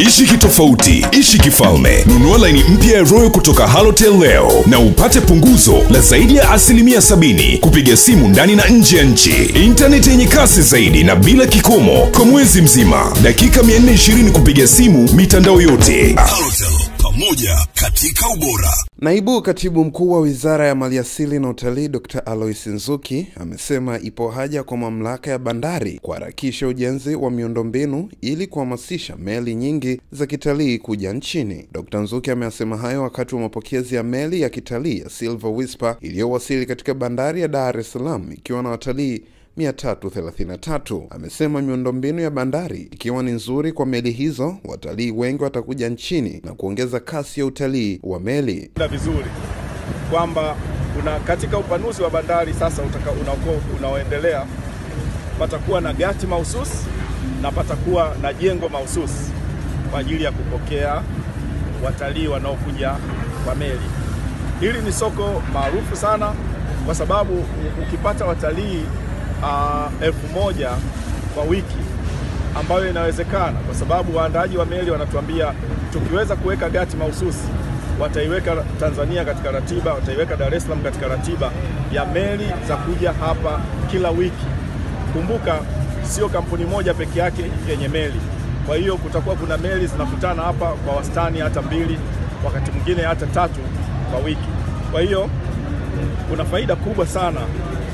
Ishi kitofauti, ishi kifalme. Nunua laini mpya ya Royal kutoka Halotel leo na upate punguzo la zaidi ya asilimia sabini kupiga simu ndani na nje ya nchi, intaneti yenye kasi zaidi na bila kikomo kwa mwezi mzima, dakika 420 kupiga simu mitandao yote Halotel moja katika ubora. Naibu katibu mkuu wa wizara ya maliasili na utalii Dr. Alois Nzuki amesema ipo haja kwa mamlaka ya bandari kuharakisha ujenzi wa miundombinu ili kuhamasisha meli nyingi za kitalii kuja nchini. Dr. Nzuki ameasema hayo wakati wa mapokezi ya meli ya kitalii ya Silver Whisper iliyowasili katika bandari ya Dar es Salaam ikiwa na watalii 333. Amesema miundombinu ya bandari ikiwa ni nzuri kwa meli hizo, watalii wengi watakuja nchini na kuongeza kasi ya utalii wa meli. Vizuri kwamba kuna katika upanuzi wa bandari sasa unaoendelea, patakuwa na gati mahususi na patakuwa na jengo mahususi kwa ajili ya kupokea watalii wanaokuja kwa meli. Hili ni soko maarufu sana, kwa sababu ukipata watalii uh, elfu moja kwa wiki ambayo inawezekana, kwa sababu waandaaji wa meli wanatuambia tukiweza kuweka gati mahususi wataiweka Tanzania katika ratiba, wataiweka Dar es Salaam katika ratiba ya meli za kuja hapa kila wiki. Kumbuka sio kampuni moja peke yake yenye meli, kwa hiyo kutakuwa kuna meli zinakutana hapa kwa wastani hata mbili, wakati mwingine hata tatu kwa wiki. Kwa hiyo kuna faida kubwa sana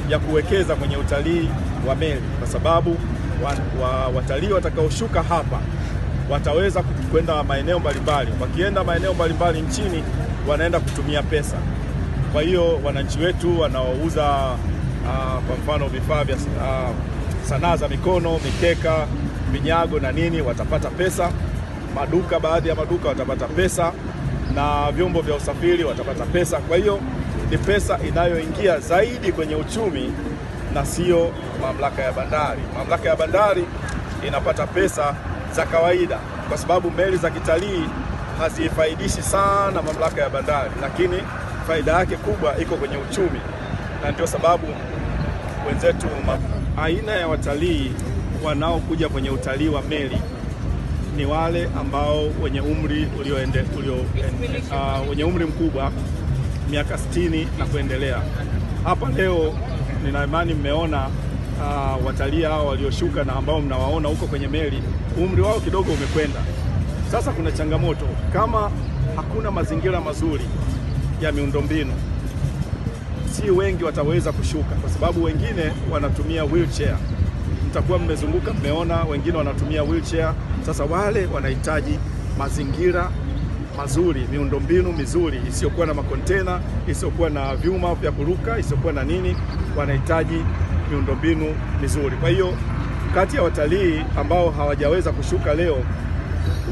ya kuwekeza kwenye utalii wa meli, kwa sababu watalii wa, watakaoshuka hapa wataweza kwenda maeneo mbalimbali. Wakienda maeneo mbalimbali nchini, wanaenda kutumia pesa. Kwa hiyo wananchi wetu wanaouza uh, kwa mfano vifaa vya uh, sanaa za mikono, mikeka, vinyago na nini, watapata pesa. Maduka, baadhi ya maduka watapata pesa, na vyombo vya usafiri watapata pesa. Kwa hiyo ni pesa inayoingia zaidi kwenye uchumi na sio mamlaka ya bandari. Mamlaka ya bandari inapata pesa za kawaida, kwa sababu meli za kitalii haziifaidishi sana mamlaka ya bandari, lakini faida yake kubwa iko kwenye uchumi, na ndio sababu wenzetu, aina ya watalii wanaokuja kwenye utalii wa meli ni wale ambao wenye umri ulio ende, ulio ende, uh, ah, wenye umri mkubwa miaka 60 na kuendelea. Hapa leo nina imani mmeona uh, watalii hao walioshuka na ambao mnawaona huko kwenye meli, umri wao kidogo umekwenda. Sasa kuna changamoto, kama hakuna mazingira mazuri ya miundombinu, si wengi wataweza kushuka, kwa sababu wengine wanatumia wheelchair. Mtakuwa mmezunguka mmeona, wengine wanatumia wheelchair. Sasa wale wanahitaji mazingira mazuri, miundombinu mizuri isiyokuwa na makontena, isiyokuwa na vyuma vya kuruka, isiyokuwa na nini. Wanahitaji miundombinu mizuri. Kwa hiyo kati ya watalii ambao hawajaweza kushuka leo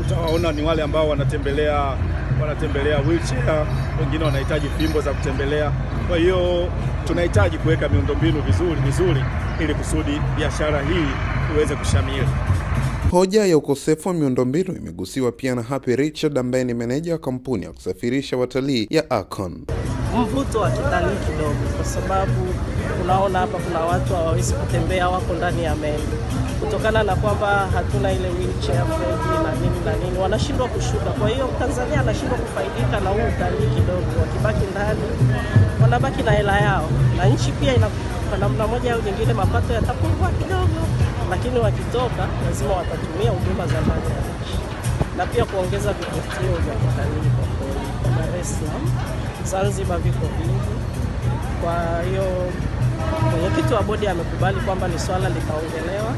utawaona ni wale ambao wanatembelea wanatembelea wheelchair, wengine wanahitaji fimbo za kutembelea. Kwa hiyo tunahitaji kuweka miundombinu vizuri mizuri ili kusudi biashara hii iweze kushamiri. Hoja ya ukosefu wa miundombinu imegusiwa pia na Happy Richard ambaye ni meneja wa kampuni ya kusafirisha watalii ya Akon. Mvuto wa kitalii kidogo, kwa sababu unaona hapa kuna watu hawawezi kutembea, wako ndani ya meli, kutokana na kwamba hatuna ile wheelchair friendly na nini na nini, wanashindwa kushuka. Kwa hiyo tanzania anashindwa kufaidika na huu utalii kidogo, wakibaki ndani wanabaki na hela yao, na nchi pia ina kwa namna moja au nyingine mapato yatapungua kidogo lakini wakitoka lazima watatumia huduma za ndani ya nchi na pia kuongeza vivutio vya utalii kwa kweli. Dar es Salaam, Zanzibar viko vingi. Kwa hiyo mwenyekiti wa bodi amekubali kwamba ni swala litaongelewa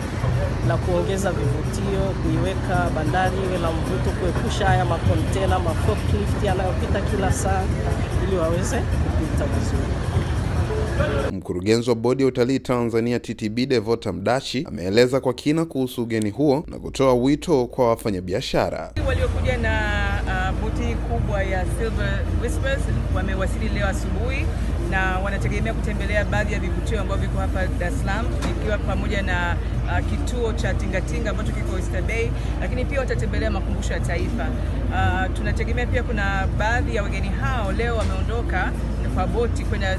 la kuongeza vivutio, kuiweka bandari iwe la mvuto, kuepusha haya makontena maforklift yanayopita kila saa, ili waweze kupita vizuri. Mkurugenzi wa bodi ya utalii Tanzania TTB Devota Mdachi ameeleza kwa kina kuhusu ugeni huo na kutoa wito kwa wafanyabiashara waliokuja na uh, boti kubwa ya Silver Whispers wamewasili leo asubuhi na wanategemea kutembelea baadhi ya vivutio ambavyo viko hapa Dar es Salaam ikiwa pamoja na uh, kituo cha Tingatinga ambacho kiko Oyster Bay, lakini pia watatembelea makumbusho ya taifa. Uh, tunategemea pia kuna baadhi ya wageni hao leo wameondoka kwa boti kwenda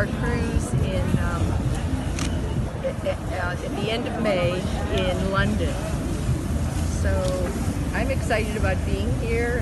our cruise in um, at, uh, at the end of May in London. So I'm excited about being here.